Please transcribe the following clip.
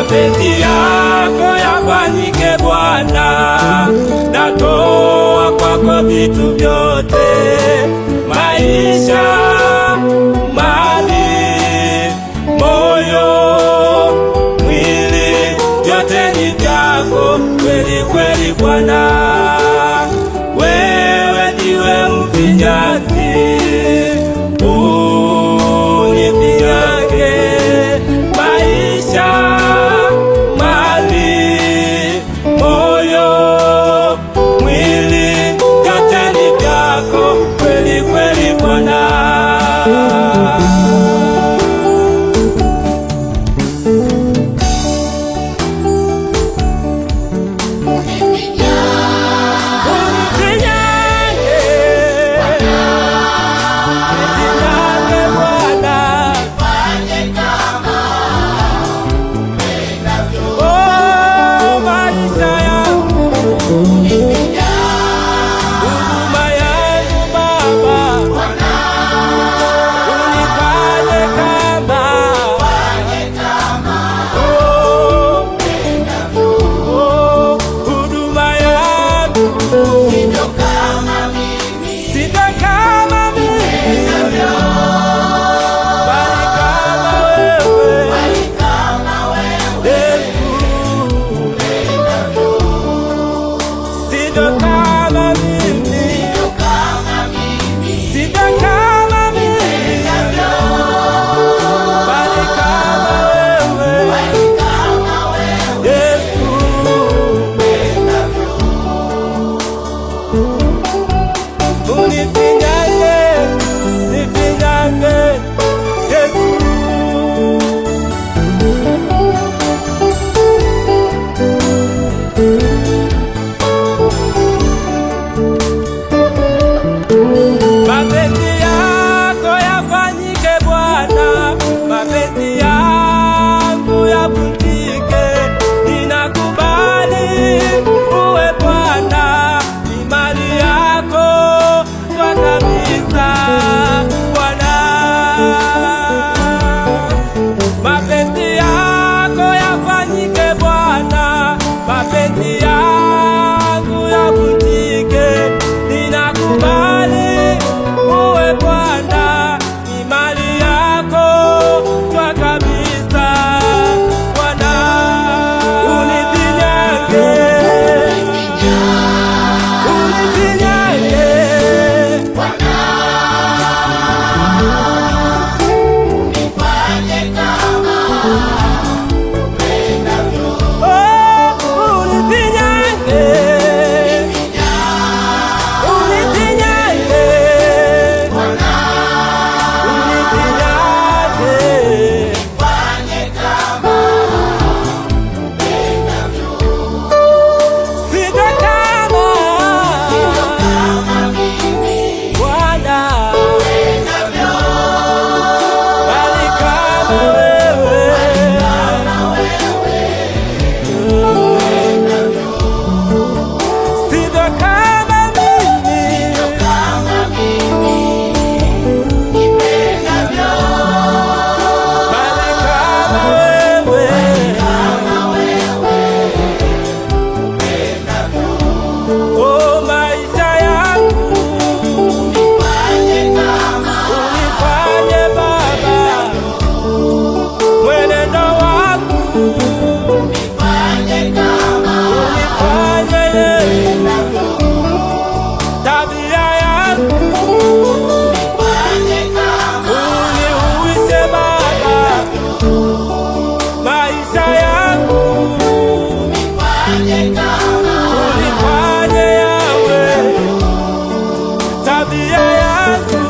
mapenzi yako yafanyike Bwana, natoa kwako vitu vyote, maisha, mali, moyo, mwili, vyote ni vyako kweli kweli Bwana, wewe ndiwe mfinyanzi kweli kweli Bwana. the car. I